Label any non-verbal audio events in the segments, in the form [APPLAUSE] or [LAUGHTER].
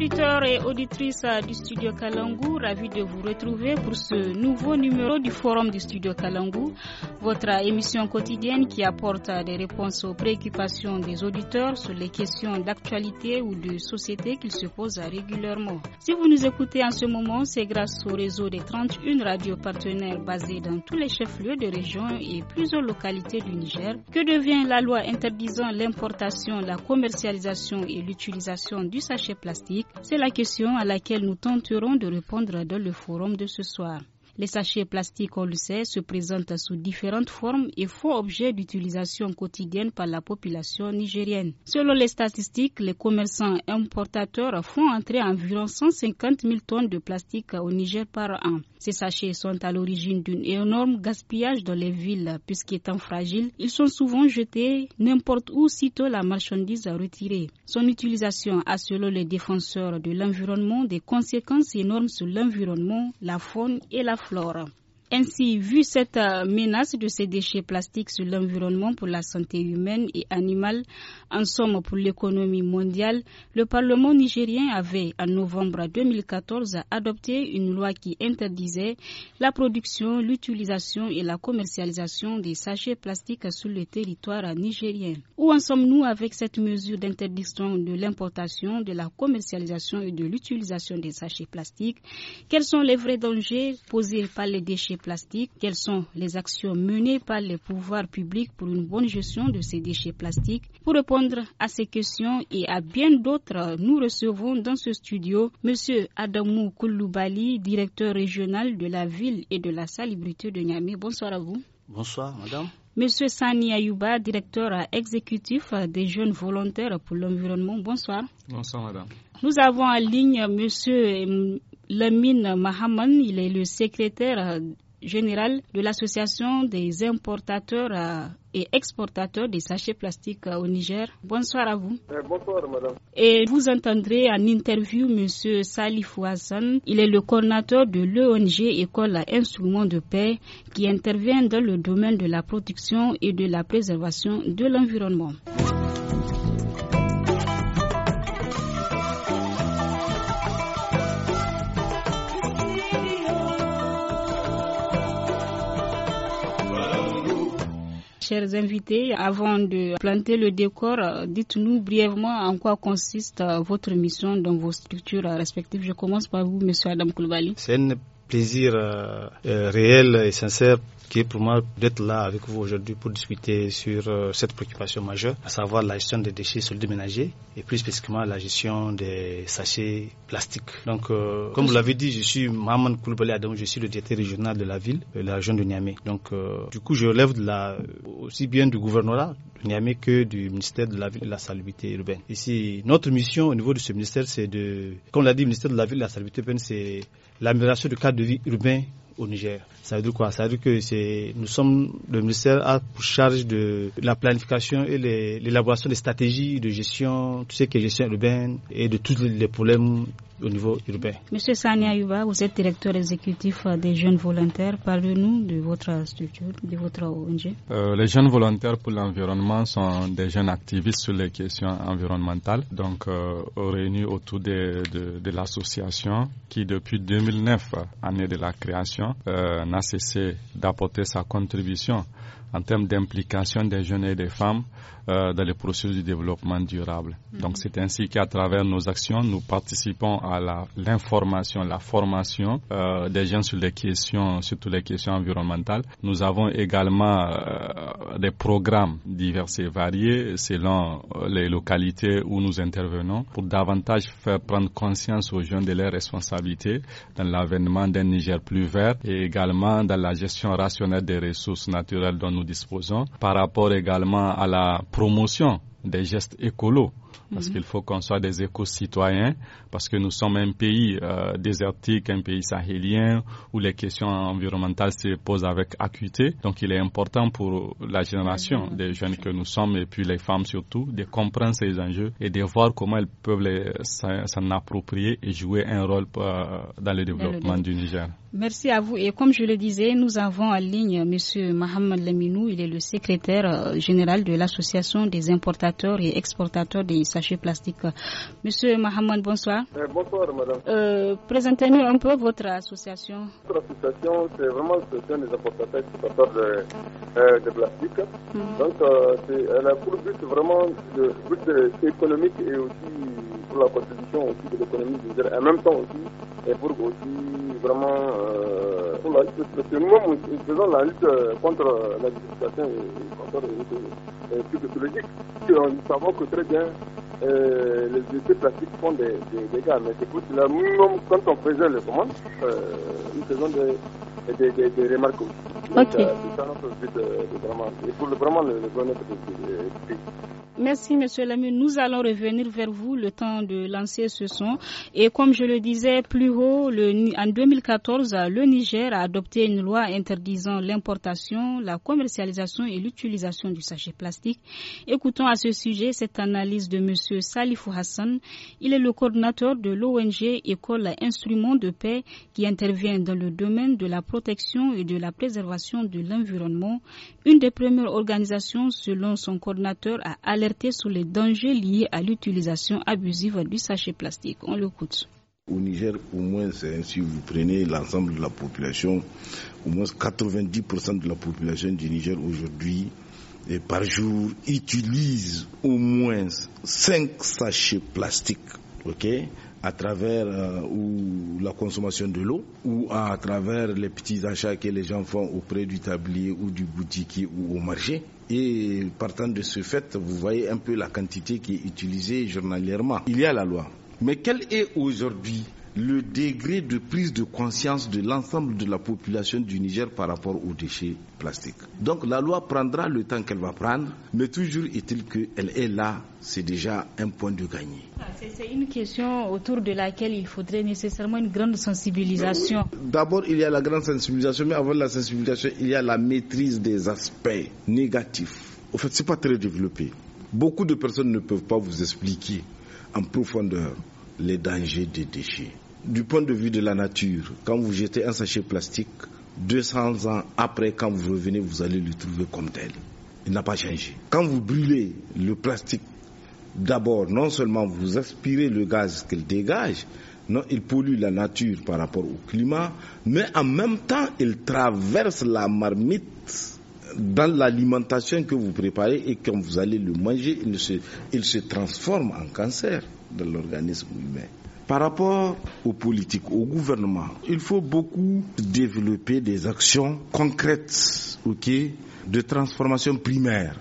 auditeurs et auditrices du studio Kalangu, ravi de vous retrouver pour ce nouveau numéro du forum du studio Kalangu votre émission quotidienne qui apporte des réponses aux préoccupations des auditeurs sur les questions d'actualité ou de société qu'ils se posent régulièrement. Si vous nous écoutez en ce moment, c'est grâce au réseau des 31 radios partenaires basées dans tous les chefs-lieux de région et plusieurs localités du Niger que devient la loi interdisant l'importation, la commercialisation et l'utilisation du sachet plastique. C'est la question à laquelle nous tenterons de répondre dans le forum de ce soir. Les sachets plastiques, on le sait, se présentent sous différentes formes et font objet d'utilisation quotidienne par la population nigérienne. Selon les statistiques, les commerçants et importateurs font entrer environ 150 000 tonnes de plastique au Niger par an. Ces sachets sont à l'origine d'un énorme gaspillage dans les villes, puisqu'étant fragiles, ils sont souvent jetés n'importe où sitôt la marchandise retirée. Son utilisation a, selon les défenseurs de l'environnement, des conséquences énormes sur l'environnement, la faune et la faune loram Ainsi, vu cette euh, menace de ces déchets plastiques sur l'environnement pour la santé humaine et animale, en somme pour l'économie mondiale, le Parlement nigérien avait, en novembre 2014, adopté une loi qui interdisait la production, l'utilisation et la commercialisation des sachets plastiques sur le territoire nigérien. Où en sommes-nous avec cette mesure d'interdiction de l'importation, de la commercialisation et de l'utilisation des sachets plastiques Quels sont les vrais dangers posés par les déchets plastique, quelles sont les actions menées par les pouvoirs publics pour une bonne gestion de ces déchets plastiques Pour répondre à ces questions et à bien d'autres, nous recevons dans ce studio M. Adamou Kouloubali, directeur régional de la ville et de la salubrité de Niamey. Bonsoir à vous. Bonsoir, madame. Monsieur Sani Ayouba, directeur exécutif des jeunes volontaires pour l'environnement. Bonsoir. Bonsoir, madame. Nous avons en ligne monsieur Lamine Mahaman. Il est le secrétaire général de l'Association des importateurs euh, et exportateurs des sachets plastiques euh, au Niger. Bonsoir à vous. Euh, bonsoir, madame. Et vous entendrez en interview M. Salif Hassan. Il est le coordinateur de l'ONG École à Instruments de paix qui intervient dans le domaine de la protection et de la préservation de l'environnement. chers invités, avant de planter le décor, euh, dites-nous brièvement en quoi consiste euh, votre mission dans vos structures euh, respectives. Je commence par vous, Monsieur Adam Koulvali. C'est un plaisir réel et sincère qui est pour moi d'être là avec vous aujourd'hui pour discuter sur euh, cette préoccupation majeure, à savoir la gestion des déchets solides ménagers et plus spécifiquement la gestion des sachets plastiques. Donc, euh, comme vous l'avez dit, je suis maman Koulibaly Adam, je suis le directeur régional de la ville, de euh, la région de Niamey. Donc, du coup, je relève de la, aussi bien du gouvernorat de Niamey que du ministère de la ville et de la salubrité urbaine. Ici, notre mission au niveau de ce ministère, c'est de, comme l'a dit le ministère de la ville et de la salubrité urbaine, c'est l'amélioration du cadre de vie urbain au Niger. Ça veut dire quoi Ça veut dire que nous sommes, le ministère a pour charge de la planification et l'élaboration des stratégies de gestion, tout ce qui est gestion urbaine et de tous les problèmes au niveau urbain. Monsieur Sani Yuba, vous êtes directeur exécutif des jeunes volontaires. Parlez-nous de votre structure, de votre ONG. Euh, les jeunes volontaires pour l'environnement sont des jeunes activistes sur les questions environnementales, donc euh, réunis autour de, l'association qui, depuis 2009, année de la création, euh, n'a cessé d'apporter sa contribution en termes d'implication des jeunes et des femmes euh, dans les processus de développement durable. Donc c'est ainsi qu'à travers nos actions, nous participons à l'information, la, formation euh, des gens sur les questions, surtout les questions environnementales. Nous avons également euh, des programmes divers et variés selon les localités où nous intervenons pour davantage faire prendre conscience aux jeunes de leurs responsabilités dans l'avènement d'un Niger plus vert et également dans la gestion rationnelle des ressources naturelles dont nous disposons par rapport également à la promotion des gestes écolos, parce mhm. qu'il faut qu'on soit des éco-citoyens, parce que nous sommes un pays euh, désertique, un pays sahélien, où les questions environnementales se posent avec acuité. Donc il est important pour la génération des jeunes que nous sommes, et puis les femmes surtout, de comprendre ces enjeux et de voir comment elles peuvent s'en approprier et jouer un rôle euh, dans le développement du Niger. Merci à vous. Et comme je le disais, nous avons en ligne M. Mohamed Laminou, il est le secrétaire euh, général de l'Association des importations Exportateur et exportateurs des sachets plastiques. Monsieur Mahamoud, bonsoir. Euh, bonsoir, madame. Euh, Présentez-nous un peu votre association. Notre association, c'est vraiment l'association des importateurs et exportateurs de, euh, plastique. Hmm. Donc, euh, elle a pour but vraiment le but économique et aussi pour la contribution aussi de l'économie en même temps aussi, et pour aussi vraiment pour la lutte, nous faisons la lutte euh, contre la discrimination et contre les études euh, psychologiques. Nous savons que très bien, euh, les études plastiques font des, dégâts, mais écoute, là, nous, quand on faisait les commandes, euh, nous faisons des, des, des, des remarques aussi. Donc, euh, c'est ça notre but de, euh, de vraiment, et pour le, vraiment le, le bonheur de, de, Merci, Monsieur Lamu, Nous allons revenir vers vous le temps de lancer ce son. Et comme je le disais plus haut, le, en 2014, le Niger a adopté une loi interdisant l'importation, la commercialisation et l'utilisation du sachet plastique. Écoutons à ce sujet cette analyse de Monsieur Salifou Hassan. Il est le coordinateur de l'ONG École Instrument de paix qui intervient dans le domaine de la protection et de la préservation de l'environnement, une des premières organisations selon son coordinateur a alerté sur les dangers liés à l'utilisation abusive du sachet plastique. On l'écoute. Au Niger, au moins, si vous prenez l'ensemble de la population, au moins 90% de la population du Niger aujourd'hui, par jour, utilise au moins 5 sachets plastiques. ok à travers euh, ou la consommation de l'eau ou à travers les petits achats que les gens font auprès du tablier ou du boutiquier ou au marché. Et partant de ce fait, vous voyez un peu la quantité qui est utilisée journalièrement. Il y a la loi. Mais quelle est aujourd'hui le degré de prise de conscience de l'ensemble de la population du Niger par rapport aux déchets plastiques. Donc la loi prendra le temps qu'elle va prendre, mais toujours est-il qu'elle est là, c'est déjà un point de gagné. Ah, c'est une question autour de laquelle il faudrait nécessairement une grande sensibilisation. Euh, d'abord, il y a la grande sensibilisation, mais avant la sensibilisation, il y a la maîtrise des aspects négatifs. En fait, ce n'est pas très développé. Beaucoup de personnes ne peuvent pas vous expliquer en profondeur les dangers des déchets. Du point de vue de la nature, quand vous jetez un sachet plastique, 200 ans après, quand vous revenez, vous allez le trouver comme tel. Il n'a pas changé. Quand vous brûlez le plastique, d'abord, non seulement vous aspirez le gaz qu'il dégage, non, il pollue la nature par rapport au climat, mais en même temps, il traverse la marmite dans l'alimentation que vous préparez et quand vous allez le manger, il se, il se transforme en cancer dans l'organisme humain. Par rapport aux politiques, au gouvernement, il faut beaucoup développer des actions concrètes ok, de transformation primaire,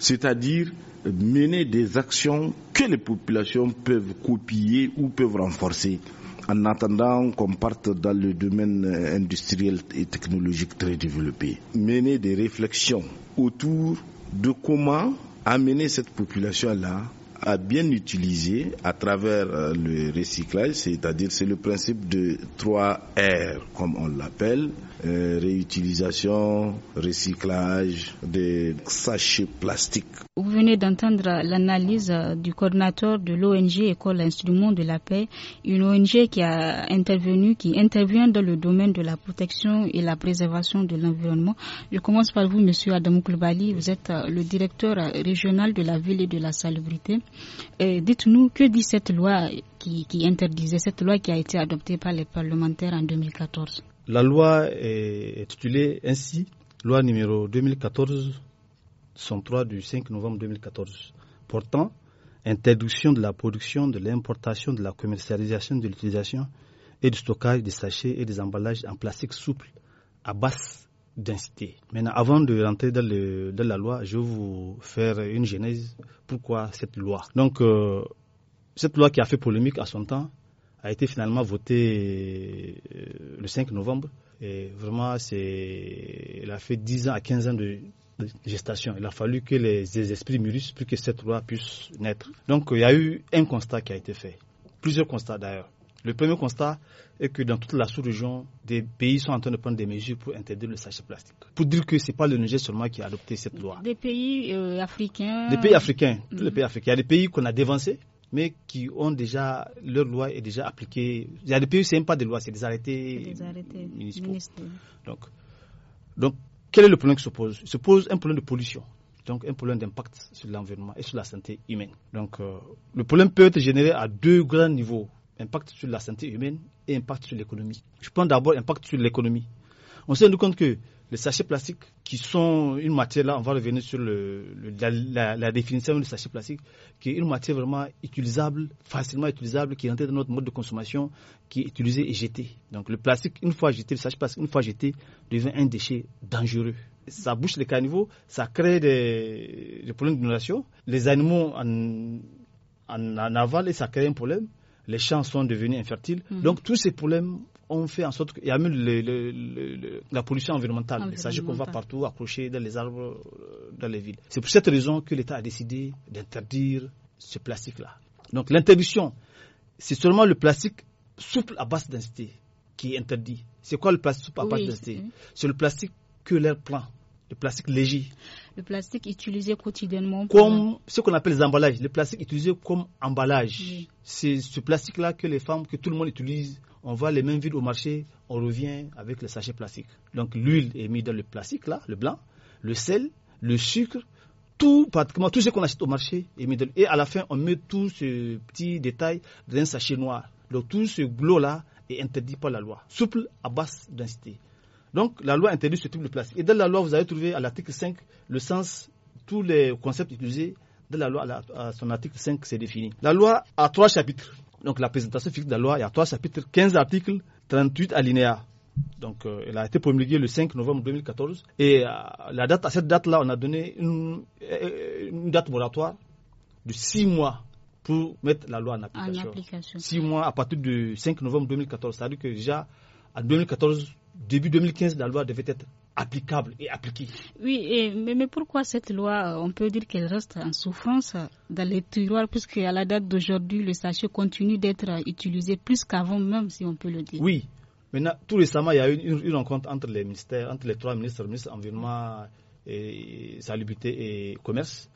c'est-à-dire mener des actions que les populations peuvent copier ou peuvent renforcer en attendant qu'on parte dans le domaine industriel et technologique très développé. Mener des réflexions autour de comment amener cette population-là à bien utiliser à travers euh, le recyclage, c'est-à-dire c'est le principe de trois R comme on l'appelle, euh, réutilisation, recyclage des sachets plastiques. Vous venez d'entendre l'analyse euh, du coordinateur de l'ONG École Instrument de la Paix, une ONG qui a intervenu, qui intervient dans le domaine de la protection et la préservation de l'environnement. Je commence par vous, Monsieur Adam Vous êtes le directeur régional de la ville et de la salubrité. Dites-nous, que dit cette loi qui, interdisait, cette loi qui a été adoptée par les parlementaires en 2014 La loi est titulée ainsi, loi numéro 2014-103 du 5 novembre 2014, portant interdiction de la production, de l'importation, de la commercialisation, de l'utilisation et du stockage des sachets et des emballages en plastique souple à basse densité. Maintenant, avant de rentrer dans, la loi, je vais vous faire une genèse. Pourquoi cette loi Donc, euh, cette loi qui a fait polémique à son temps a été finalement votée euh, le 5 novembre. Et vraiment, c'est, elle a fait 10 ans à 15 ans de, gestation. Il a fallu que les, les esprits mûrissent pour que cette loi puisse naître. Donc, il y a eu un constat qui a été fait. Plusieurs constats d'ailleurs. Le premier constat est que dans toute la sous-région, des pays sont en train de prendre des mesures pour interdire le sachet plastique. Pour dire que ce n'est pas le Niger seulement qui a adopté cette loi. Des pays euh, africains. Des pays africains. Les mhm. pays africains. Il y a des pays qu'on a dévancés, mais qui ont déjà. Leur loi est déjà appliquée. Il y a des pays où ce n'est pas des lois, c'est des arrêtés, des municipaux. Donc, donc, quel est le problème qui se pose Il se pose un problème de pollution donc un problème d'impact sur l'environnement et sur la santé humaine. Donc euh, le problème peut être généré à deux grands niveaux impact sur la santé humaine et impact sur l'économie. Je prends d'abord impact sur l'économie. On s'est rendu compte que les sachets plastiques, qui sont une matière, là, on va revenir sur la, définition du sachet plastique, qui est une matière vraiment utilisable, facilement utilisable, qui est rentrée dans notre mode de consommation, qui est utilisée et jetée. Donc le plastique, une fois jeté, le sachet plastique, une fois jeté, devient un déchet dangereux. Ça bouche les caniveaux, ça crée des, problèmes d'innovation. Les animaux en, en, en aval et ça crée un problème les champs sont devenus infertiles. Mm-hmm. Donc tous ces problèmes ont fait en sorte qu'il y a même la pollution environnementale, Il s'agit qu'on va partout accrocher dans les arbres, euh, dans les villes. C'est pour cette raison que l'État a décidé d'interdire ce plastique-là. Donc l'interdiction, c'est seulement le plastique souple à basse densité qui est interdit. C'est quoi le plastique souple à basse densité mm-hmm. C'est le plastique que l'air prend le plastique léger. Le plastique utilisé quotidiennement. Comme ce qu'on appelle les emballages. Le plastique utilisé comme emballage. C'est ce plastique-là que les femmes, que tout le monde utilise. On va les mêmes villes au marché, on revient avec le sachet plastique. Donc l'huile est mise dans le plastique, là, le blanc, le sel, le sucre, tout, pratiquement tout ce qu'on achète au marché est mis dans Et à la fin, on met tout ce petit détail dans un sachet noir. Donc tout ce glow là est interdit par la loi. Souple à basse densité. Donc la loi interdit ce type de place. Et dans la loi, vous avez trouvé à l'article 5 le sens, tous les concepts utilisés dans la loi, à son article 5, c'est défini. La loi a trois chapitres. Donc la présentation fixe de la loi, il y a trois chapitres, 15 articles, 38 alinéas. Donc, euh, elle a été promulguée le 5 novembre 2014. Et euh, la date, à cette date-là, on a donné euh, une, date moratoire de six mois pour mettre la loi en application. en application. Six mois à partir du 5 novembre 2014. C'est-à-dire que déjà, en 2014, début 2015, la loi devait être applicable et appliquée. Oui, mais, pourquoi cette loi, euh, on peut dire qu'elle reste en souffrance euh, dans les tiroirs, puisque à la date d'aujourd'hui, le sachet continue d'être euh, utilisé plus qu'avant même, si on peut le dire. Oui, maintenant, tout récemment, il y a eu une, rencontre entre les ministères, entre les trois ministres, ministres ministre environnement, et, salubrité et commerce,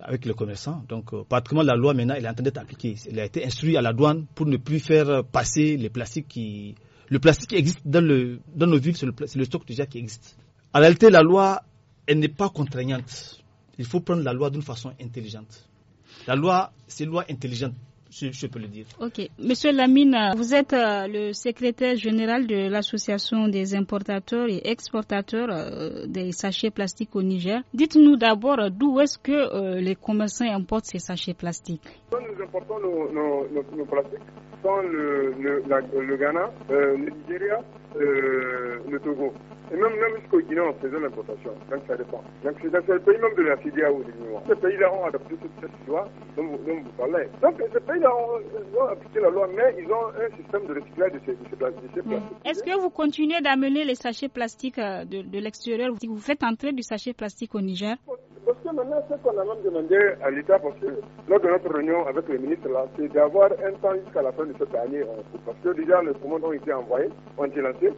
avec les commerçants. Donc, pratiquement, la loi, maintenant, elle est en train d'être appliquée. Elle a été instruite à la douane pour ne plus faire passer les plastiques qui le plastique existe dans, nos villes, c'est le, le, stock déjà qui existe. En réalité, la loi, elle n'est pas contraignante. Il faut prendre la loi d'une façon intelligente. La loi, c'est une loi intelligente je peux le dire. Ok. Monsieur Lamine, vous êtes euh, le secrétaire général de l'Association des importateurs et exportateurs euh, des sachets plastiques au Niger. Dites-nous d'abord euh, d'où est-ce que les commerçants importent ces sachets plastiques le, Ghana, le Togo. Et même, même jusqu'au Guinée, on faisait l'importation. Donc ça dépend. Donc c'est dans le pays même de la CDAO, les Guinéens. Ces pays-là ont adopté cette, loi dont vous, dont vous parlez. Donc ces pays-là ont, euh, ont, appliqué la loi, mais ils ont un système de recyclage de ces, de ces plastiques. Est-ce que vous continuez d'amener les sachets plastiques euh, de, de l'extérieur Vous faites entrer du sachet plastique au Niger maintenant ce qu'on a demandé à l'État, parce que lors de notre réunion avec le ministre, là, c'est d'avoir un temps jusqu'à la fin de cette année, hein. parce que déjà les commandes ont été envoyés, ont été lancés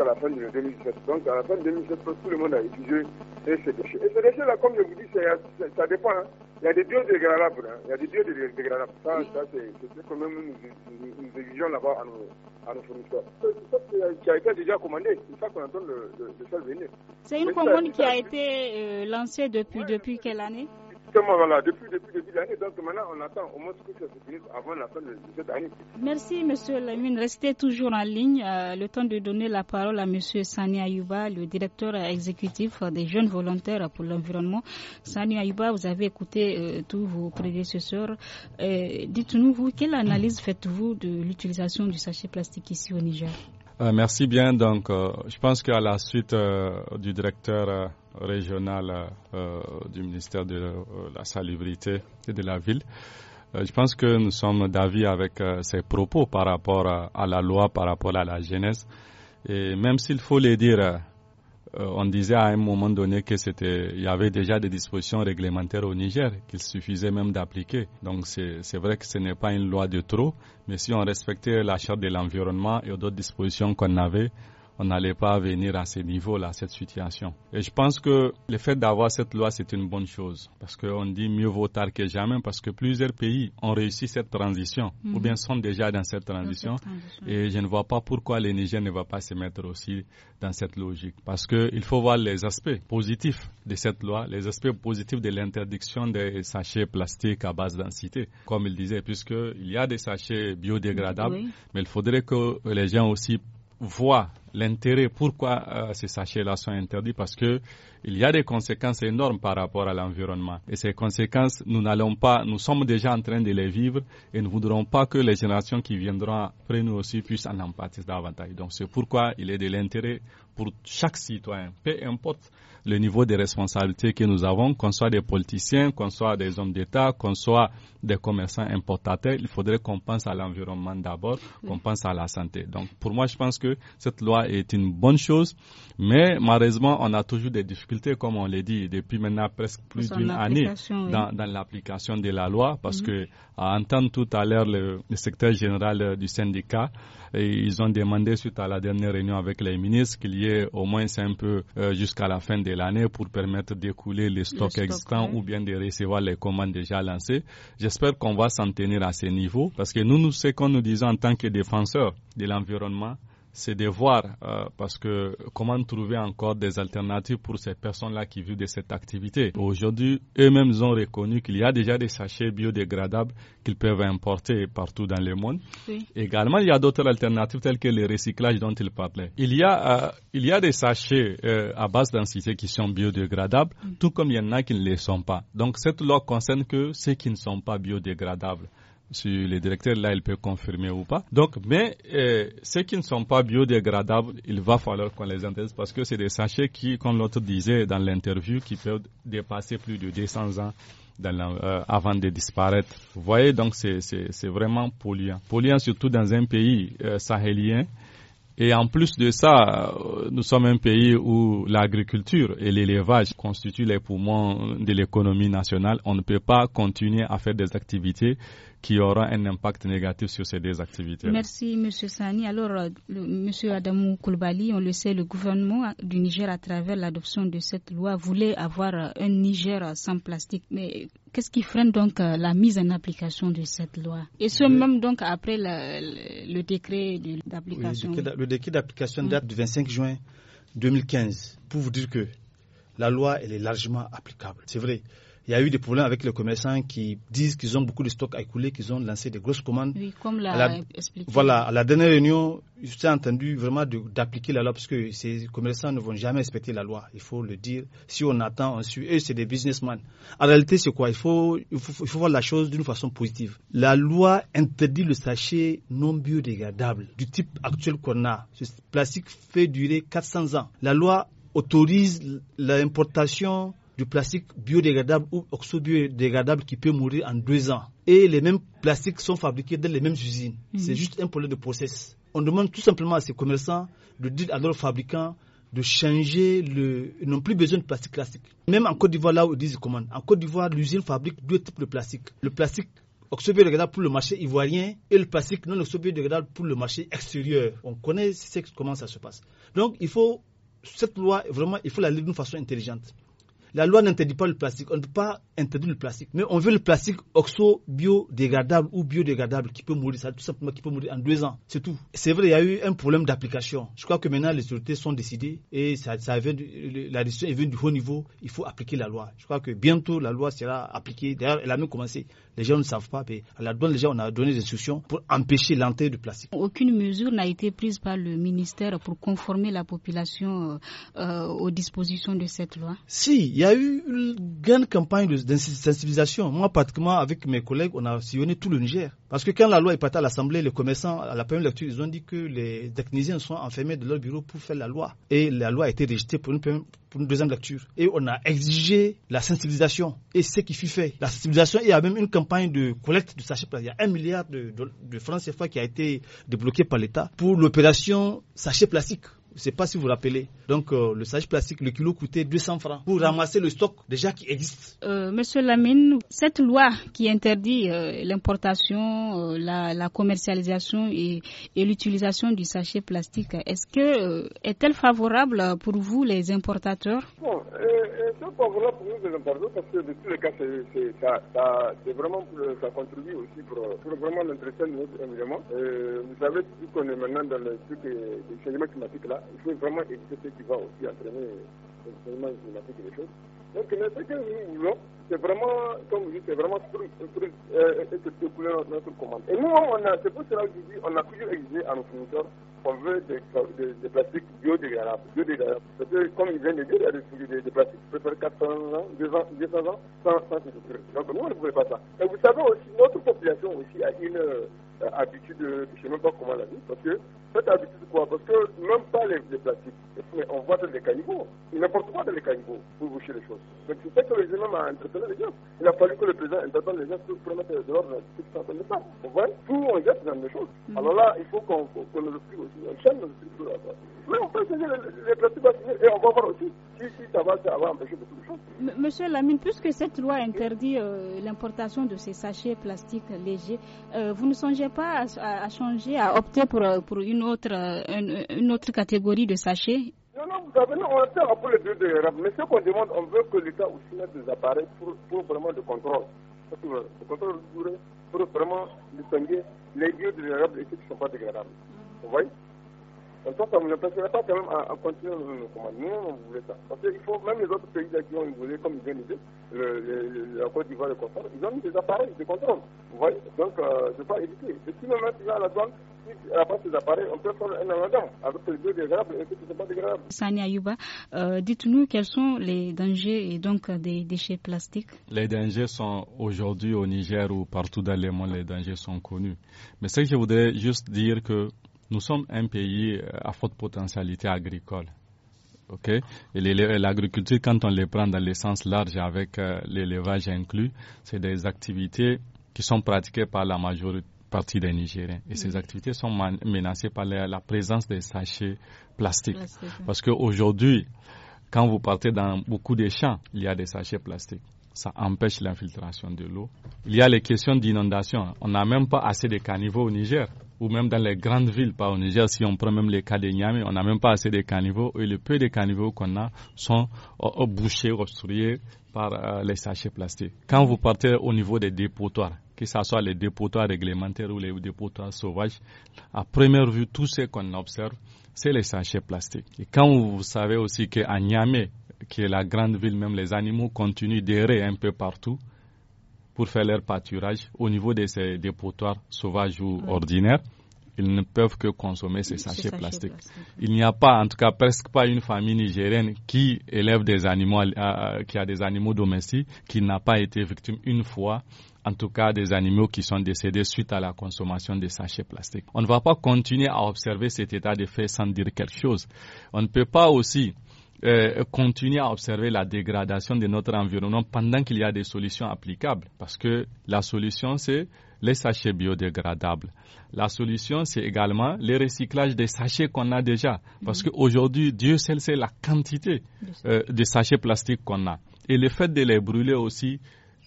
à la fin de 2017. Donc à la fin de 2017, tout le monde a étudié ces déchets. Et ces déchets-là, comme je vous dis, ça, dépend. Hein. Il y a des biodégradables. Hein. Il y a des biodégradables. dégradables. Ça, ça c'est ce que même nous, nous, nous exigeons là-bas à nos, à nos fournisseurs. C'est euh, qui a été déjà commandé. C'est ça qu'on faire venir. C'est une commande qui a été euh, lancée depuis, depuis quelle année depuis, depuis, l'année, donc maintenant on attend au moins que ça se avant la fin de cette année. Merci Monsieur Lamine, restez toujours en ligne. Euh, le temps de donner la parole à Monsieur Sani Ayuba, le directeur exécutif des jeunes volontaires pour l'environnement. Sani Ayuba, vous avez écouté euh, tous vos prédécesseurs. Euh, dites-nous, vous, quelle analyse faites-vous de l'utilisation du sachet plastique ici au Niger Merci bien. Donc, je pense qu'à la suite du directeur régional euh, du ministère de euh, la salubrité et de la ville. Euh, je pense que nous sommes d'avis avec ses propos par rapport à la loi, par rapport à la jeunesse. Et même s'il faut le dire, on disait à un moment donné que c'était, il y avait déjà des dispositions réglementaires au Niger qu'il suffisait même d'appliquer. Donc c'est vrai que ce n'est pas une loi de trop, mais si on respectait la charte de l'environnement et d'autres dispositions qu'on avait, on n'allait pas venir à ce niveau-là, cette situation. Et je pense que le fait d'avoir cette loi, c'est une bonne chose. Parce qu'on dit mieux vaut tard que jamais, parce que plusieurs pays ont réussi cette transition, ou mhm. bien sont déjà dans cette transition. Et je ne vois pas pourquoi les Niger ne va pas se mettre aussi dans cette logique. Parce qu'il faut voir les aspects positifs de cette loi, les aspects positifs de l'interdiction des sachets plastiques à base densité, comme il disait, puisqu'il y a des sachets biodégradables, mais il faudrait que les gens aussi voit l'intérêt pourquoi euh, ces sachets-là sont interdits parce que il y a des conséquences énormes par rapport à l'environnement et ces conséquences nous n'allons pas nous sommes déjà en train de les vivre et nous voudrons pas que les générations qui viendront après nous aussi puissent en en davantage donc c'est pourquoi il est de l'intérêt pour chaque citoyen peu importe le niveau de responsabilité que nous avons, qu'on soit des politiciens, qu'on soit des hommes d'État, qu'on soit des commerçants importateurs, il faudrait qu'on pense à l'environnement d'abord, qu'on pense à la santé. Donc pour moi, je pense que cette loi est une bonne chose, mais malheureusement, on a toujours des difficultés, comme on l'a dit, depuis maintenant presque plus d'une année dans, l'application de la loi, parce mhm. que à entendre tout à l'heure le, secteur général euh, du syndicat, ils ont demandé suite à la dernière réunion avec les ministres qu'il y ait au moins un peu euh, jusqu'à la fin de l'année pour permettre d'écouler les stocks existants ou bien de recevoir les commandes déjà lancées. J'espère qu'on va s'en tenir à ces niveaux parce que nous, nous, ce qu'on nous dit en tant que défenseurs de l'environnement, c'est de voir, euh, parce que comment trouver encore des alternatives pour ces personnes-là qui vivent de cette activité. Aujourd'hui, eux-mêmes ont reconnu qu'il y a déjà des sachets biodégradables qu'ils peuvent importer partout dans le monde. Également, il y a d'autres alternatives telles que le recyclage dont ils parlaient. Il y a, euh, il y a des sachets euh, à base densité qui sont biodégradables, mm. tout comme il y en a qui ne le sont pas. Donc, cette loi concerne que ceux qui ne sont pas biodégradables si les directeur, là, il peut confirmer ou pas. Donc, mais euh, ceux qui ne sont pas biodégradables, il va falloir qu'on les intéresse parce que c'est des sachets qui, comme l'autre disait dans l'interview, qui peuvent dépasser plus de 200 ans. Dans euh, avant de disparaître. Vous voyez, donc c'est vraiment polluant. Polluant surtout dans un pays euh, sahélien. Et en plus de ça, euh, nous sommes un pays où l'agriculture et l'élevage constituent les poumons de l'économie nationale. On ne peut pas continuer à faire des activités qui aura un impact négatif sur ces deux activités. Merci, M. Sani. Alors, euh, M. Adamou Koulbali, on le sait, le gouvernement du Niger, à travers l'adoption de cette loi, voulait avoir euh, un Niger sans plastique. Mais qu'est-ce qui freine donc euh, la mise en application de cette loi Et ce, même donc après le, décret d'application. le décret d'application date du 25 juin 2015, pour vous dire que la loi, elle est largement applicable. C'est vrai il y a eu des problèmes avec les commerçants qui disent qu'ils ont beaucoup de stocks à écouler, qu'ils ont lancé des grosses commandes. Oui, comme l'a, expliqué. Voilà, à la dernière réunion, j'ai entendu vraiment d'appliquer la loi parce que ces commerçants ne vont jamais respecter la loi. Il faut le dire. Si on attend, on suit. Eux, c'est des businessmen. En réalité, c'est quoi il faut, il faut, il faut voir la chose d'une façon positive. La loi interdit le sachet non biodégradable du type actuel qu'on a. Ce plastique fait durer 400 ans. La loi autorise l'importation du plastique biodégradable ou oxo-biodégradable qui peut mourir en deux ans. Et les mêmes plastiques sont fabriqués dans les mêmes usines. Mhm. C'est juste un problème de process. On demande tout simplement à ces commerçants de dire à leurs fabricants de changer le. Ils n'ont plus besoin de plastique classique. Même en Côte d'Ivoire, là où ils disent en Côte d'Ivoire, l'usine fabrique deux types de plastique. Le plastique oxo-biodégradable pour le marché ivoirien et le plastique non oxo-biodégradable pour le marché extérieur. On connaît comment ça se passe. Donc, il faut. Cette loi, vraiment, il faut la lire d'une façon intelligente. La loi n'interdit pas le plastique. On ne peut pas interdire le plastique. Mais on veut le plastique oxo-biodégradable ou biodégradable qui peut mourir, ça, tout simplement, qui peut mourir en deux ans. C'est tout. C'est vrai, il y a eu un problème d'application. Je crois que maintenant, les autorités sont décidées et ça, la décision est venue du haut niveau. Il faut appliquer la loi. Je crois que bientôt, la loi sera appliquée. D'ailleurs, elle a même commencé. Les gens ne savent pas. Mais à la douane, déjà, on a donné des instructions pour empêcher l'entrée du plastique. Aucune mesure n'a été prise par le ministère pour conformer la population euh, euh, aux dispositions de cette loi Si, il y a eu une grande campagne de sensibilisation. Moi, pratiquement, avec mes collègues, on a sillonné tout le Niger. Parce que quand la loi est partie à l'Assemblée, les commerçants, à la première lecture, ils ont dit que les techniciens sont enfermés de leur bureau pour faire la loi. Et la loi a été rejetée pour une, deuxième lecture. Et on a exigé la sensibilisation. Et ce qui fut fait. La sensibilisation, il y a même une campagne de collecte de sachets plastiques. Il y a un milliard de, de, de francs CFA qui a été débloqué par l'État pour l'opération sachets plastiques. Je ne sais pas si vous vous rappelez. Donc, euh, le sachet plastique, le kilo coûtait 200 francs pour ramasser le stock déjà qui existe. Euh, Monsieur Lamine, cette loi qui interdit euh, l'importation, la, commercialisation et, l'utilisation du sachet plastique, est-ce que est-elle favorable pour vous, les importateurs Bon, c'est favorable pour nous, les importateurs, parce que de tous les cas, c'est, ça, vraiment, ça contribue aussi pour, vraiment l'entretien de notre environnement. vous savez, qu'on est maintenant dans le truc du changement climatique là, il faut vraiment ce qui va aussi entraîner climatique et les choses. Donc, c'est vraiment, comme je dis, c'est vraiment euh, dans notre commande. Et nous, on a, c'est pour cela que je dis, on a toujours exigé à nos fournisseurs qu'on veut des, plastiques biodégradables, Parce que, comme ils viennent de dire, il y a des, des plastiques qui peuvent faire 400 ans, 200, ans, Donc, nous, on ne pouvait pas ça. Et vous savez aussi, notre population aussi a une habitude, euh, euh, je ne sais même pas comment la vie parce que cette habitude quoi Parce que même pas les, plastiques, mais on voit des les caniveaux, n'importe quoi dans les pour boucher les choses. Donc c'est ça que les gens ont interpellé les gens. Il a fallu que le président interpelle les gens pour promettre de l'ordre dans ce qui pas. On voit Tout on jette dans les choses. Mm. Alors là, il faut qu'on qu le explique aussi, on le tout Mais on peut changer les, les plastiques et on va voir aussi si, ça, va, ça va empêcher beaucoup de choses. Monsieur Lamine, puisque cette loi interdit euh, l'importation de ces sachets plastiques légers, vous ne songez pas à, changer, à opter pour, pour une, autre, une, autre catégorie de sachets non, non, vous avez, non, on fait un peu les deux Mais ce qu'on demande, on veut que l'État aussi mette des appareils pour, pour vraiment le contrôle. le contrôle pour vraiment distinguer les lieux de et ceux qui ne sont pas dégradables. Vous voyez comme que ne pressionnait pas quand même à, continuer nos commandes. Nous, on voulait ça. Parce qu'il faut, même les autres pays qui ont voulu, comme ils viennent la Côte d'Ivoire le contrôle, ils ont mis des appareils de contrôle. Vous voyez Donc, euh, je ne pas éviter. Et si maintenant, tu vas à la douane, pas ces appareils, on peut faire un amalgame avec les deux dégradables et ce n'est pas dégradable. Sani Ayuba, euh, dites-nous quels sont les dangers et donc euh, des déchets plastiques Les dangers sont aujourd'hui au Niger ou partout dans le les dangers sont connus. Mais ce que je voudrais juste dire que nous sommes un pays euh, à forte potentialité agricole. ok Et l'agriculture, quand on les prend dans le sens large avec euh, l'élevage inclus, c'est des activités qui sont pratiquées par la majorité partie des Nigériens. Et ces activités sont menacées par la, présence des sachets plastiques. Parce qu'aujourd'hui, quand vous partez dans beaucoup de champs, il y a des sachets plastiques. Ça empêche l'infiltration de l'eau. Il y a les questions d'inondation. On n'a même pas assez de caniveaux au Niger ou même dans les grandes villes, par au Niger, si on prend même les cas de Niamey, on n'a même pas assez de caniveaux, et le peu de caniveaux qu'on a sont euh, euh, bouchés, obstrués par euh, les sachets plastiques. Quand vous partez au niveau des dépotoirs, que ce soit les dépotoirs réglementaires ou les dépotoirs sauvages, à première vue, tout ce qu'on observe, c'est les sachets plastiques. Et quand vous savez aussi qu'à Niamey, qui est la grande ville, même les animaux continuent d'errer un peu partout, pour faire leur pâturage au niveau de ces dépotoirs sauvages ou ordinaires. Ils ne peuvent que consommer ces sachets, plastiques. Il n'y a pas, en tout cas presque pas une famille nigérienne qui élève des animaux, euh, euh, qui a des animaux domestiques, qui n'a pas été victime une fois en tout cas des animaux qui sont décédés suite à la consommation des sachets plastiques. On ne va pas continuer à observer cet état de fait sans dire quelque chose. On ne peut pas aussi euh, continuer à observer la dégradation de notre environnement pendant qu'il y a des solutions applicables. Parce que la solution, c'est les sachets biodégradables. La solution, c'est également le recyclage des sachets qu'on a déjà. Parce qu'aujourd'hui, Dieu seul sait la quantité euh, de sachets plastiques qu'on a. Et le fait de les brûler aussi,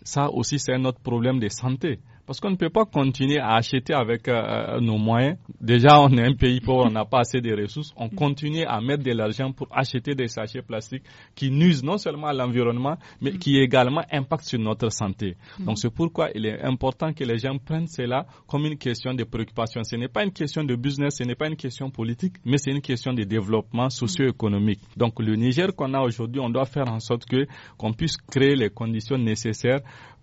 ça aussi, c'est notre problème de santé. Parce qu'on ne peut pas continuer à acheter avec euh, euh, nos moyens. Déjà, on est un pays pauvre, on n'a pas assez de ressources. On continue à mettre de l'argent pour acheter des sachets plastiques qui nuisent non seulement à l'environnement, mais qui également impactent sur notre santé. Donc, c'est pourquoi il est important que les gens prennent cela comme une question de préoccupation. Ce n'est pas une question de business, ce n'est pas une question politique, mais c'est une question de développement socio-économique. Donc, le Niger qu'on a aujourd'hui, on doit faire en sorte que qu'on puisse créer les conditions nécessaires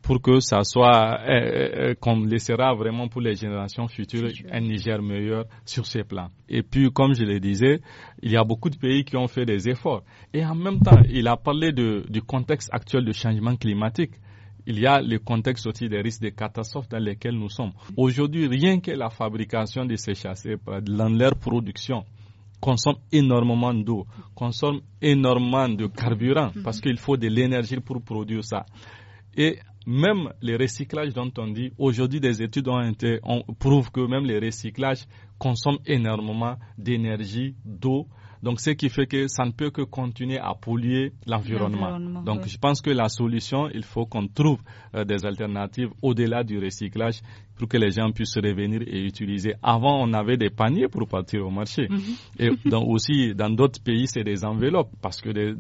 pour que ça soit, euh, euh, euh, qu'on laissera vraiment pour les générations futures un Niger meilleur sur ces plans. Et puis, comme je le disais, il y a beaucoup de pays qui ont fait des efforts. Et en même temps, il a parlé du contexte actuel de changement climatique il y a le contexte aussi des risques de catastrophes dans lesquels nous sommes. Aujourd'hui, rien que la fabrication de ces chassés, dans leur production, consomme énormément d'eau, consomme énormément de carburant, mm-hmm. parce qu'il faut de l'énergie pour produire ça. Et même les recyclages dont on dit, aujourd'hui des études ont été, on prouve que même les recyclages consomment énormément d'énergie, d'eau, donc, ce qui fait que ça ne peut que continuer à polluer l'environnement. Donc, je pense que la solution, il faut qu'on trouve euh, des alternatives au-delà du recyclage pour que les gens puissent revenir et utiliser. Avant, on avait des paniers pour partir au marché. Mhm. Et donc [LAUGHS] aussi, dans d'autres pays, c'est des enveloppes, parce que des,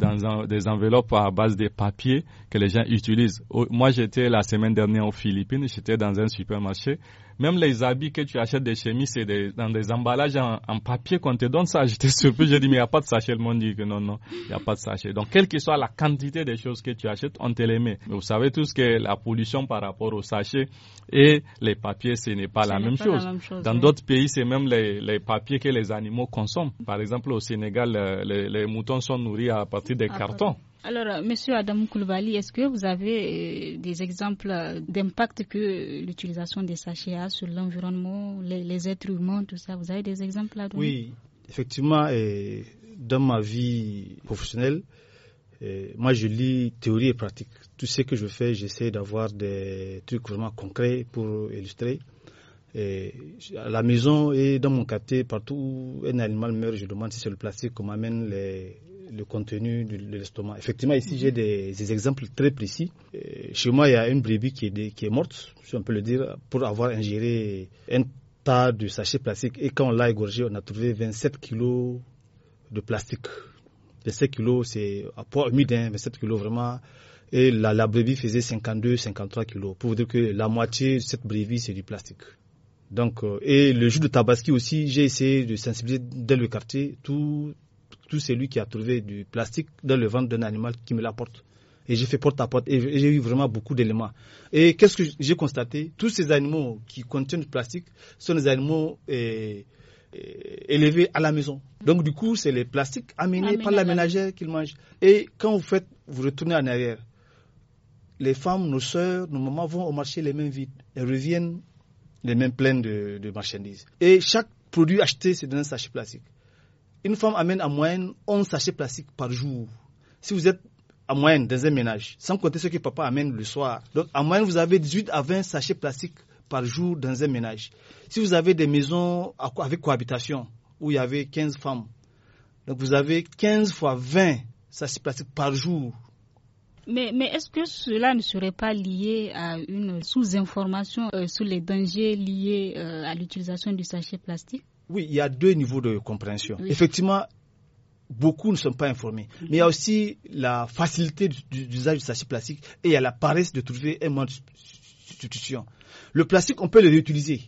des enveloppes à base de papier que les gens utilisent. Moi, j'étais la semaine dernière aux Philippines, j'étais dans un supermarché. Même les habits que tu achètes des chemises, c'est des, dans des emballages en, papier qu'on te donne ça [LAUGHS] j'étais sur J'ai dit, mais il n'y a pas de sachet. Le monde dit que non, non, il n'y a pas de sachet. Donc, quelle que soit la quantité des choses que tu achètes, on te les met. vous savez tous que la pollution par rapport aux sachets et les papiers, ce n'est pas, la même, chose. Dans d'autres pays, c'est même les, papiers que les animaux consomment. Par exemple, au Sénégal, euh, les, moutons sont nourris à partir des cartons. Alors, euh, Monsieur Adam Koulibaly, est-ce que vous avez euh, des exemples d'impact que l'utilisation des sachets a sur l'environnement, les, êtres humains, tout ça Vous avez des exemples là-dedans Oui, effectivement, euh, dans ma vie professionnelle, moi je lis théorie et pratique. Tout ce que je fais, j'essaie d'avoir des trucs vraiment concrets pour illustrer. à la maison et dans mon quartier, partout où un animal meurt, je demande si c'est le plastique qu'on m'amène les, le contenu de l'estomac. Effectivement, ici, j'ai des, exemples très précis. Euh, chez moi, il y a une brebis qui est, qui est morte, si on peut le dire, pour avoir ingéré un tas de sachets plastiques. Et quand on l'a égorgé, on a trouvé 27 kilos de plastique. 27 kilos, c'est à poids humide, 27 hein, kilos vraiment. Et la, la brebis faisait 52, 53 kilos. Pour vous dire que la moitié de cette brebis, c'est du plastique. Donc, euh, et le jus de Tabaski aussi, j'ai essayé de sensibiliser dans le quartier tout, tout c'est qui a trouvé du plastique dans le ventre d'un animal qui me l'apporte. Et j'ai fait porte à porte et j'ai eu vraiment beaucoup d'éléments. Et qu'est-ce que j'ai constaté Tous ces animaux qui contiennent du plastique sont des animaux eh, eh, élevés à la maison. Donc du coup, c'est les plastiques amenés par la ménagère qu'ils mangent. Et quand vous faites, vous retournez en arrière. Les femmes, nos soeurs, nos mamans vont au marché les mains vides. Elles reviennent les mêmes pleines de, de, marchandises. Et chaque produit acheté, c'est dans un sachet plastique une femme amène en moyenne 11 sachets plastiques par jour. Si vous êtes en moyenne dans un ménage, sans compter ce que papa amène le soir. Donc en moyenne, vous avez 18 à 20 sachets plastiques par jour dans un ménage. Si vous avez des maisons avec cohabitation, où il y avait 15 femmes, donc vous avez 15 fois 20 sachets plastiques par jour mais, est-ce que cela ne serait pas lié à une sous-information euh, sur les dangers liés euh, à l'utilisation du sachet plastique oui, il y a deux niveaux de compréhension. Effectivement, beaucoup ne sont pas informés. Mais il y a aussi la facilité d'usage du sachet plastique et il y a la paresse de trouver un mode de substitution. Le plastique, on peut le réutiliser.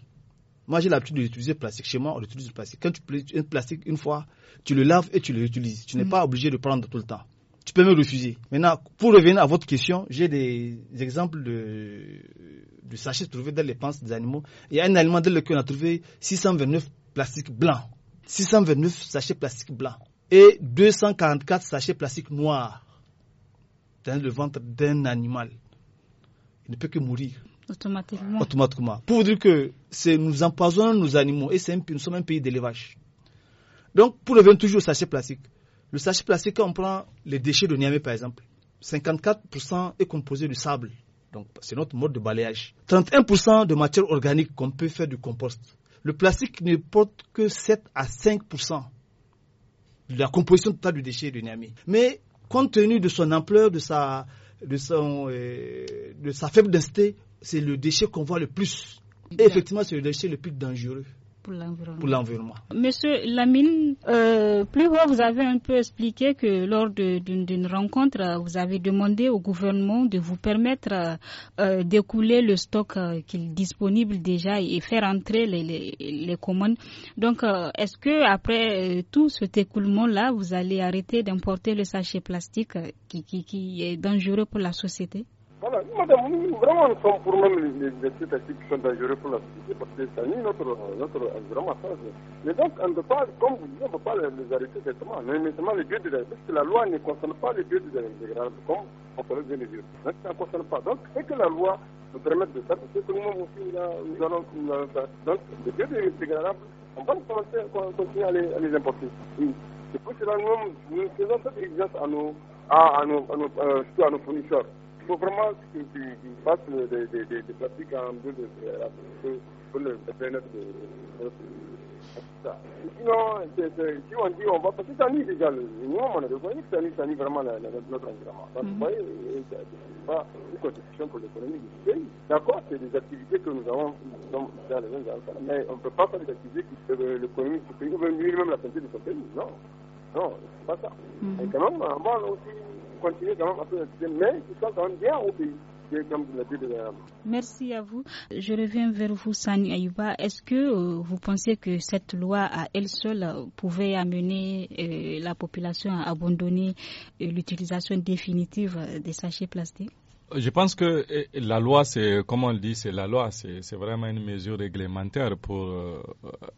Moi, j'ai l'habitude de l'utiliser plastique. Chez moi, on utilise le plastique. Quand tu un plastique une fois, tu le laves et tu le réutilises. Tu n'es mm. pas obligé de prendre tout le temps. Tu peux me refuser. Maintenant, pour revenir à votre question, j'ai des exemples de, sachets trouvés dans les penses des animaux. Il y a un aliment dans lequel on a trouvé 629 plastique blanc, 629 sachets plastique blanc et 244 sachets plastique noir dans le ventre d'un animal. Il ne peut que mourir. Automatiquement. Automatiquement. Pour vous dire que nous empoisonnons nos animaux et nous sommes un pays d'élevage. Donc, pour revenir toujours au sachet plastique, le sachet plastique, quand on prend les déchets de Niamey par exemple, 54% est composé de sable. Donc, c'est notre mode de balayage. 31% de matière organique qu'on peut faire du compost le plastique ne porte que 7 à 5 de la composition totale du déchet de Niamey. Mais compte tenu de son ampleur, de sa, de son, euh, de sa faible densité, c'est le déchet qu'on voit le plus. Et effectivement, c'est le déchet le plus dangereux pour l'environnement. Monsieur Lamine, euh, plus haut, vous avez un peu expliqué que lors d'une rencontre, euh, vous avez demandé au gouvernement de vous permettre euh, euh, d'écouler le stock disponible déjà et faire entrer les, les, commandes. Donc, est-ce que après tout cet écoulement-là, vous allez arrêter d'importer le sachet plastique qui, qui est dangereux pour la société? Voilà, madame, nous, vraiment, nous sommes pour même les, les, qui sont dangereux pour la société parce que ça nuit notre, grand environnement. Mais donc, on ne peut pas, comme vous dites, on ne peut pas les, arrêter directement, mais seulement les la parce que la loi ne concerne pas les dégradables, comme on connaît bien les vieux. Donc, ça ne concerne pas. Donc, c'est que la loi nous permet de faire, parce que nous-mêmes aussi, là, nous allons. donc, les dégradables, on va commencer, continuer à les, à les importer. puis, C'est pour cela que nous, faisons cette exigence à nos, à nos, à nos, à nos euh, fournisseurs. Il faut vraiment qu'ils fassent des pratiques en deux de euh, pour le bien-être de Sinon, si on dit on va parce que ça nuit déjà le nous on a reconnu que ça nuit, ça nuit vraiment la, la, notre environnement. Donc, vous mhm. voyez, c'est euh, pas euh, une contribution pour l'économie du pays. D'accord, c'est des activités que nous avons dans, dans les mêmes mais on ne peut pas faire des activités qui peuvent l'économie du pays, ou même la santé de son pays. Non, non, ce n'est pas ça. Mhm. Et quand même, moi aussi, continuer Merci à vous. Je reviens vers vous, Sani Ayuba. Est-ce que euh, vous pensez que cette loi à elle seule pouvait amener euh, la population à abandonner euh, l'utilisation définitive des sachets plastiques je pense que la loi, c'est, comme on le dit, c'est la loi, c'est vraiment une mesure réglementaire pour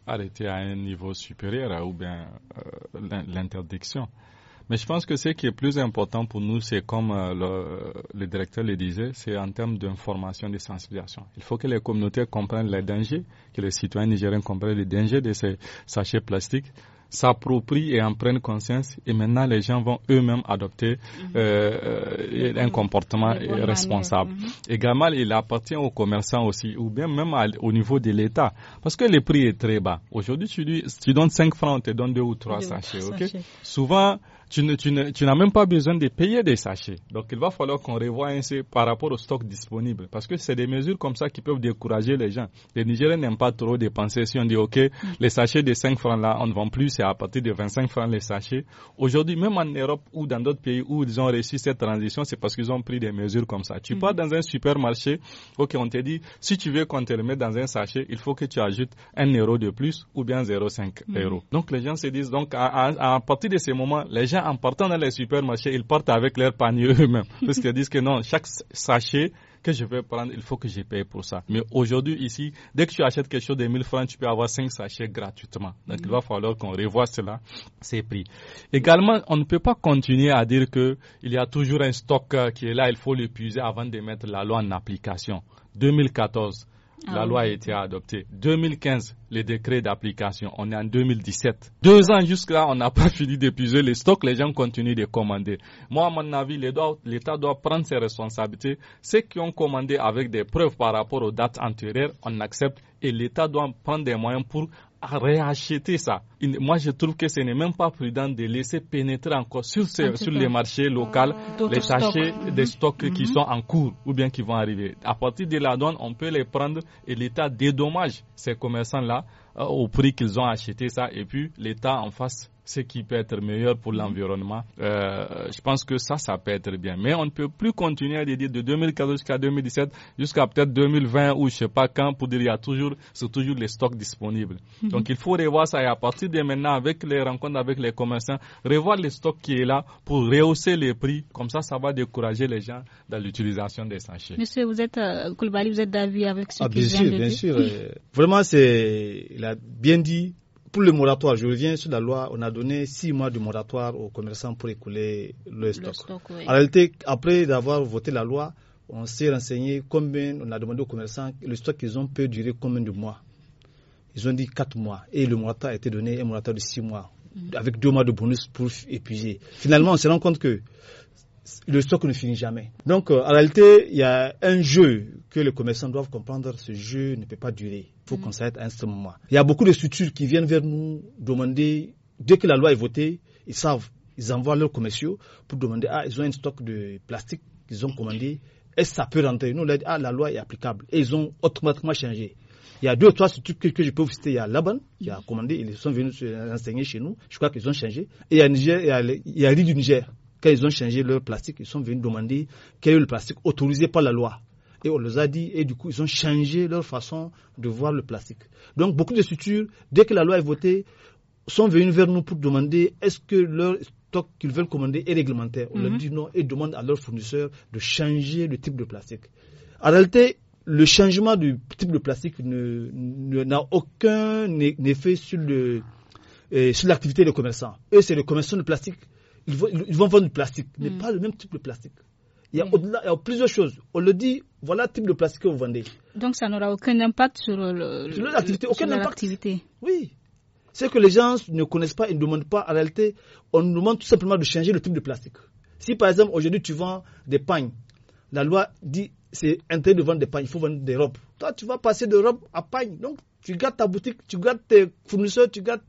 arrêter à un niveau supérieur hein, ou bien l'interdiction. Mais je pense que ce qui est plus important pour nous, c'est comme euh, le, le, directeur le disait, c'est en termes d'information, de sensibilisation. Il faut que les communautés comprennent les dangers, que les citoyens nigériens comprennent les dangers de ces sachets plastiques s'approprient et en prennent conscience et maintenant les gens vont eux-mêmes adopter mhm. euh, un comportement responsable. Mhm. Également, il appartient aux commerçants aussi ou bien même au niveau de l'État parce que le prix est très bas. Aujourd'hui, tu, tu, donnes 5 francs, on te donne 2 ou 3 sachets. sachets. Souvent, tu n'as même pas besoin de payer des sachets. Donc il va falloir qu'on revoie ainsi par rapport au stock disponible. Parce que c'est des mesures comme ça qui peuvent décourager les gens. Les Nigériens n'aiment pas trop dépenser. Si on dit, OK, mm. les sachets de 5 francs là, on ne vend plus, c'est à partir de 25 francs les sachets. Aujourd'hui, même en Europe ou dans d'autres pays où ils ont réussi cette transition, c'est parce qu'ils ont pris des mesures comme ça. Tu mm. pars dans un supermarché, OK, on te dit, si tu veux qu'on te le mette dans un sachet, il faut que tu ajoutes 1 euro de plus ou bien 0,5 mm euros. Donc les gens se disent, donc à, à, à partir de ces moments, les gens en partant dans les supermarchés, ils portent avec leur panier eux-mêmes. [LAUGHS] Parce qu'ils disent que non, chaque sachet que je vais prendre, il faut que je paye pour ça. Mais aujourd'hui, ici, dès que tu achètes quelque chose de 1000 francs, tu peux avoir 5 sachets gratuitement. Donc, il va mm. falloir qu'on revoie cela, ces prix. Également, on ne peut pas continuer à dire que il y a toujours un stock euh, qui est là, il faut l'épuiser avant de mettre la loi en application. 2014, ah la loi a été adoptée. 2015, les décrets d'application. On est en 2017. Deux ans jusque-là, on n'a [LAUGHS] pas fini d'épuiser les stocks. Les gens continuent de commander. Moi, à mon avis, l'État doit prendre ses responsabilités. Ceux qui ont commandé avec des preuves par rapport aux dates antérieures, on accepte. Et l'État doit prendre des moyens pour à réacheter ça. Moi, je trouve que ce n'est même pas prudent de laisser pénétrer encore sur, sur les marchés locaux ah, les sachets mhm. des stocks qui mhm. sont en cours ou bien qui vont arriver. À partir de la donne, on peut les prendre et l'État dédommage ces commerçants-là euh, au prix qu'ils ont acheté ça et puis l'État en face ce qui peut être meilleur pour mm-hmm. l'environnement. Euh, je pense que ça, ça peut être bien. Mais on ne peut plus continuer à dire de 2014 jusqu'à 2017, jusqu'à peut-être 2020 ou je sais pas quand, pour dire il y a toujours, c'est toujours les stocks disponibles. Mm-hmm. Donc il faut revoir ça et à partir de maintenant, avec les rencontres avec les commerçants, revoir les stocks qui est là pour rehausser les prix. Comme ça, ça va décourager les gens dans l'utilisation des sachets. Monsieur, vous êtes, euh, vous êtes d'avis avec ce ah, que bien sûr, bien sûr. Euh, vraiment, c'est, il a bien dit pour le moratoire, je reviens sur la loi, on a donné six mois de moratoire aux commerçants pour écouler le, stock. En réalité, après avoir voté la loi, on s'est renseigné combien, on a demandé aux commerçants, le stock qu'ils ont peut durer combien de mois. Ils ont dit quatre mois. Et le moratoire a été donné, un moratoire de six mois, mm. avec deux mois de bonus pour épuiser. Finalement, on se rend compte que le stock ne finit jamais. Donc, euh, en réalité, il y a un jeu que les commerçants doivent comprendre. Ce jeu ne peut pas durer. Il faut mm. qu'on s'arrête à un certain moment. Il y a beaucoup de structures qui viennent vers nous demander, dès que la loi est votée, ils savent, ils envoient leurs commerciaux pour demander, ah, ils ont un stock de plastique qu'ils ont commandé. Est-ce que ça peut rentrer Nous, on leur dit, ah, la loi est applicable. Et ils ont automatiquement changé. Il y a deux ou trois structures que, je peux vous citer. Il y a Laban qui a commandé, ils sont venus enseigner chez nous. Je crois qu'ils ont changé. Et il y a, Niger, il y a, du Niger quand ils ont changé leur plastique, ils sont venus demander quel est le plastique autorisé par la loi. Et on les a dit, et du coup, ils ont changé leur façon de voir le plastique. Donc, beaucoup de structures, dès que la loi est votée, sont venues vers nous pour demander est-ce que leur stock qu'ils veulent commander est réglementaire. On leur mhm. dit non et demandent à leurs fournisseurs de changer le type de plastique. En réalité, le changement du type de plastique n'a aucun e-, effet euh, sur l'activité des commerçants. Et c'est les commerçants de plastique ils vont, vont vendre du plastique, mais mm. pas le même type de plastique. Mm. Il y a plusieurs choses. On le dit, voilà le type de plastique que vous vendez. Donc ça n'aura aucun impact sur l'activité, aucun Oui. C'est que les gens ne connaissent pas, ils ne demandent pas. En réalité, on nous demande tout simplement de changer le type de plastique. Si par exemple aujourd'hui tu vends des pagnes, la loi dit c'est interdit de vendre des pagnes, il faut vendre des robes. Toi tu vas passer de robe à pagne, donc tu gardes ta boutique, tu gardes tes fournisseurs, tu gardes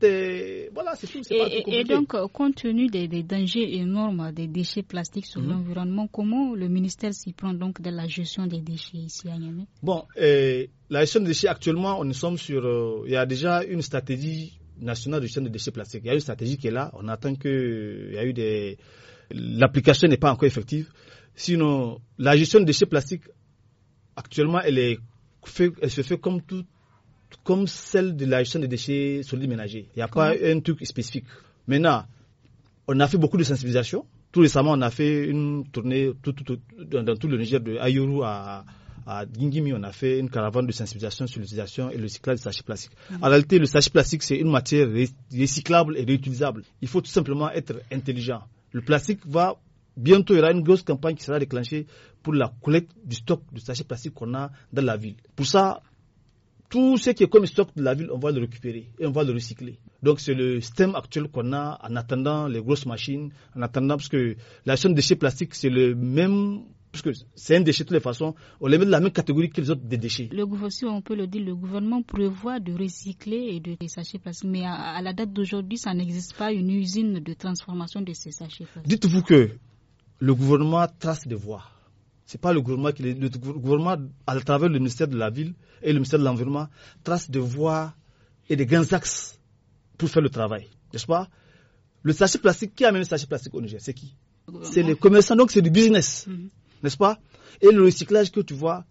Voilà, c'est tout. Et, pas et, donc, euh, compte tenu des, dangers énormes des déchets plastiques sur mhm. l'environnement, comment le ministère s'y prend donc de la gestion des déchets ici à Niamey Bon, la gestion des déchets, actuellement, on est sur. Euh, il y a déjà une stratégie nationale de gestion des déchets plastiques. Il y a une stratégie qui est là. On attend que. Il y a eu des. L'application n'est pas encore effective. Sinon, la gestion des déchets plastiques, actuellement, elle est elle se fait comme tout comme celle de la gestion des déchets solides ménagers. Il n'y a pas un truc spécifique. Maintenant, on a fait beaucoup de sensibilisation. Tout récemment, on a fait une tournée dans, tout le Niger, de Ayuru à, à Gingimi. On a fait une caravane de sensibilisation sur l'utilisation et le recyclage du sachet plastique. Mm. En réalité, le sachet plastique, c'est une matière recyclable et réutilisable. Il faut tout simplement être intelligent. Le plastique va bientôt, il y aura une grosse campagne qui sera déclenchée pour la collecte du stock de sachets plastiques qu'on a dans la ville. Pour ça, tout ce qui est comme stock de la ville, on va le récupérer et on va le recycler. Donc c'est le système actuel qu'on a en attendant les grosses machines, en attendant parce que la chaîne de déchets plastiques, c'est le même parce que c'est un déchet de toutes les façons, on les met dans la même catégorie que les autres déchets. Le gouvernement, on peut le dire, le gouvernement prévoit de recycler et de des sachets plastiques, mais à, à la date d'aujourd'hui, ça n'existe pas une usine de transformation de ces sachets plastiques. Dites-vous que le gouvernement trace des voies. Ce pas le gouvernement qui le gouvernement, à travers le ministère de la Ville et le ministère de l'Environnement, trace des voies et des grands axes pour faire le travail. N'est-ce pas Le sachet plastique, qui amène le sachet plastique au Niger C'est qui C'est les commerçants, donc c'est du business. Mhm. N'est-ce pas Et le recyclage que tu vois,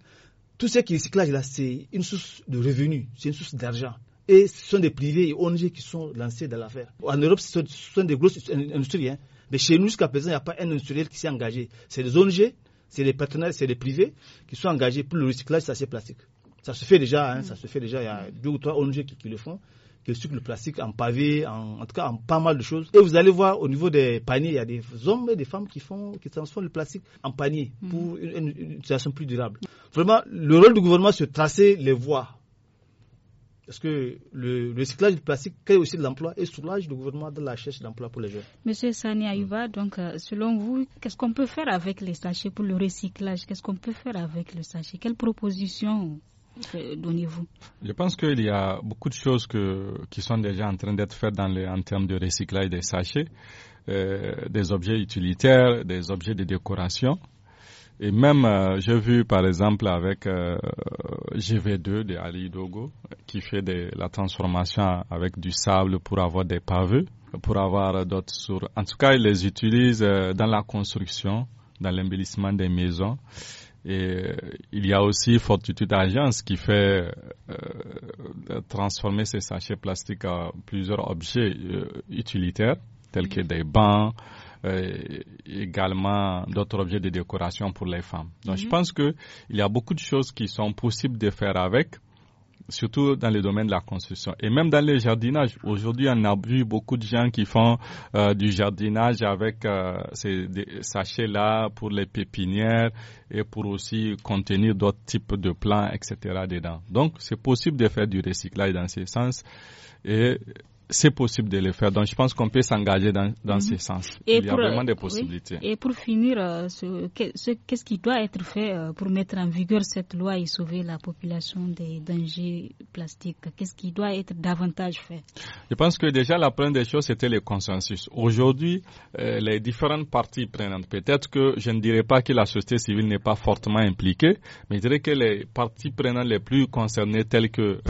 tout ce qui est recyclage là, c'est une source de revenus, c'est une source d'argent. Et ce sont des privés et ONG qui sont lancés dans l'affaire. En Europe, ce sont des grosses industries. Hein. Mais chez nous, jusqu'à présent, il n'y a pas un industriel qui s'est engagé. C'est des ONG c'est les partenaires, c'est les privés qui sont engagés pour le recyclage de ces plastiques. Ça se fait déjà, hein, ça se fait déjà. Il y a deux ou trois ONG qui, le font, qui recyclent le plastique en pavé, en, tout cas en pas mal de choses. Et vous allez voir au niveau des paniers, il y a des hommes et des femmes qui font, qui transforment le plastique en panier pour mm. une, situation plus durable. Vraiment, le rôle du gouvernement, c'est de tracer les voies est-ce que le, recyclage du plastique crée aussi de l'emploi et soulage le gouvernement de la recherche d'emploi pour les jeunes. Monsieur Sani Ayuba, donc, euh, selon vous, qu'est-ce qu'on peut faire avec les sachets pour le recyclage Qu'est-ce qu'on peut faire avec le sachet Quelles propositions euh, donnez-vous Je pense qu'il y a beaucoup de choses qui sont déjà en train d'être faites dans les, en termes de recyclage des sachets, euh, des objets utilitaires, des objets de décoration. Et même, euh, j'ai vu par exemple avec euh, GV2 de Ali Dogo qui fait la transformation avec du sable pour avoir des pavés, pour avoir d'autres sources. En tout cas, il les utilisent euh, dans la construction, dans l'embellissement des maisons. Et il y a aussi Fortitude Agence qui fait transformer ces sachets plastiques à plusieurs objets utilitaires tels que mm. des bancs, euh, également d'autres objets de décoration pour les femmes. Donc je mhm. pense il y a beaucoup de choses qui sont possibles de faire avec surtout dans le domaine de la construction et même dans le jardinage. Aujourd'hui, on a vu beaucoup de gens qui font euh, du jardinage avec euh, ces sachets-là pour les pépinières et pour aussi contenir d'autres types de plants, etc. dedans. Donc, c'est possible de faire du recyclage dans ce sens et c'est possible de le faire. Donc, je pense qu'on peut s'engager dans, dans mhm. ce sens. Et Il y a vraiment des possibilités. Et pour finir, euh, ce, qu'est-ce qui doit être fait euh, pour mettre en vigueur cette loi et sauver la population des dangers plastiques Qu'est-ce qui doit être davantage fait Je pense que déjà, la première des choses, c'était le consensus. Aujourd'hui, euh, les différentes parties prenantes, peut-être que je ne dirais pas que la société civile n'est pas fortement impliquée, mais je dirais que les parties prenantes les plus concernées, telles que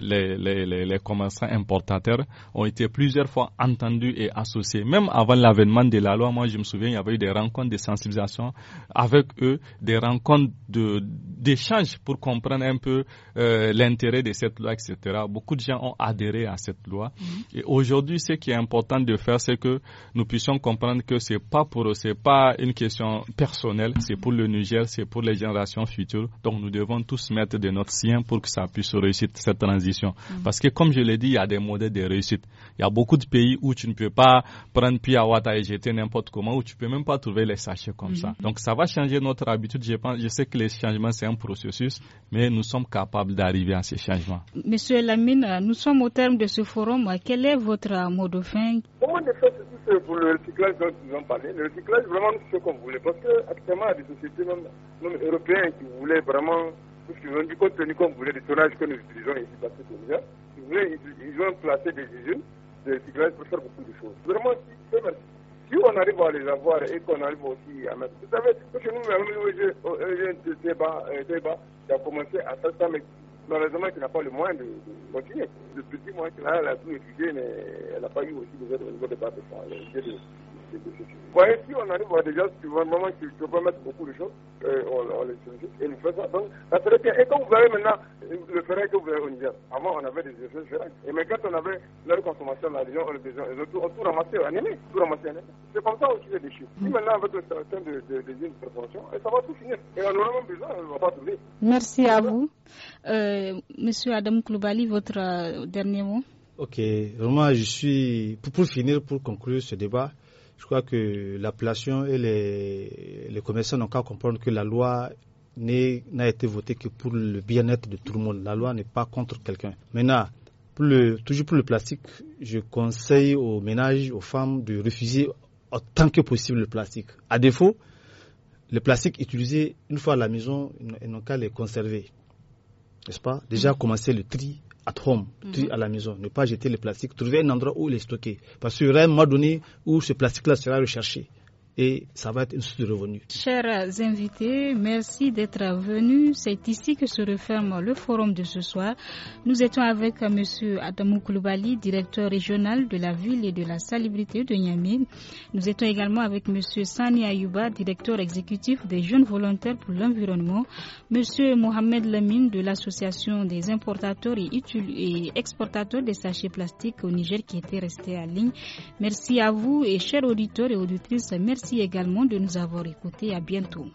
les, les, les, les commerçants importateurs, ont été plusieurs fois entendus et associés. Même avant l'avènement de la loi, moi je me souviens, il y avait eu des rencontres de sensibilisation avec eux, des rencontres d'échange pour comprendre un peu euh, l'intérêt de cette loi, etc. Beaucoup de gens ont adhéré à cette loi. Mm-hmm. Et aujourd'hui, ce qui est important de faire, c'est que nous puissions comprendre que c'est pas pour eux, c'est pas une question personnelle, c'est pour le Niger, c'est pour les générations futures. Donc nous devons tous mettre de notre sien pour que ça puisse réussir cette transition. Mm-hmm. Parce que comme je l'ai dit, il y a des modèles de réussite il y a beaucoup de pays où tu ne peux pas prendre Piawata et jeter n'importe comment, où tu peux même pas trouver les sachets comme ça. Mhm. Donc ça va changer notre habitude. Je, je sais que les changements, c'est un processus, mais nous sommes capables d'arriver à ces changements. Monsieur Lamine, nous sommes au terme de ce forum. Quel est votre mot de fin Comment on fait, pour le recyclage dont nous avons parlé. Le recyclage, vraiment, c'est ce qu'on voulait. Parce que actuellement, il y a des sociétés même, européennes qui voulaient vraiment, parce qu'ils ont du contenu qu'on voulait, des tonnages que nous utilisons ici, parce que ils ont placé des usines de cigarettes pour faire beaucoup de choses. Vraiment, si, on arrive à les avoir et qu'on arrive aussi à mettre. Vous savez, parce que nous, j'ai un débat, un débat qui a commencé à ça, mais malheureusement, il n'a pas le moyen de, continuer. Le petit moyen qu'il a, elle a tout étudié, mais elle n'a pas eu aussi de niveau de base de vous voyez, si on arrive à déjà suivre un moment qu'il peut mettre beaucoup de choses, euh, on, les sollicite et nous fait ça. Donc, ça serait bien. Et quand vous avez maintenant le ferret que vous avez au Niger, avant on avait des effets ferrets. Et mais quand on avait leur consommation, la région, on, besoin on tout tout ramasser en C'est pour ça aussi les déchets. Si mm. maintenant avec le système de, de, de, de prévention, et ça va tout finir. Et on aura même besoin, on ne va pas trouver. Merci à vous. Euh, Monsieur Adam Kloubali, votre euh, dernier mot Ok, vraiment, je suis. Pour, pour finir, pour conclure ce débat, je crois que l'appellation et les, commerçants n'ont qu'à comprendre que la loi n'a été votée que pour le bien-être de tout le monde. La loi n'est pas contre quelqu'un. Maintenant, toujours pour le plastique, je conseille aux ménages, aux femmes de refuser autant que possible le plastique. À défaut, le plastique utilisé une fois à la maison, ils n'ont qu'à les conserver. N'est-ce pas Déjà commencer le tri at home, mhm. à la maison, ne pas jeter le plastique, trouver un endroit où les stocker Parce qu'il y aura un moment donné où ce plastique-là sera recherché et ça va être une suite de revenus. Chers invités, merci d'être venus. C'est ici que se referme le forum de ce soir. Nous étions avec M. Adamou Koulibaly, directeur régional de la ville et de la salubrité de Niamey. Nous étions également avec M. Sani Ayouba, directeur exécutif des jeunes volontaires pour l'environnement, M. Mohamed Lamine de l'association des importateurs et exportateurs des sachets plastiques au Niger qui était resté en ligne. Merci à vous et chers auditeurs et auditrices, merci Merci également de nous avoir écoutés. À bientôt.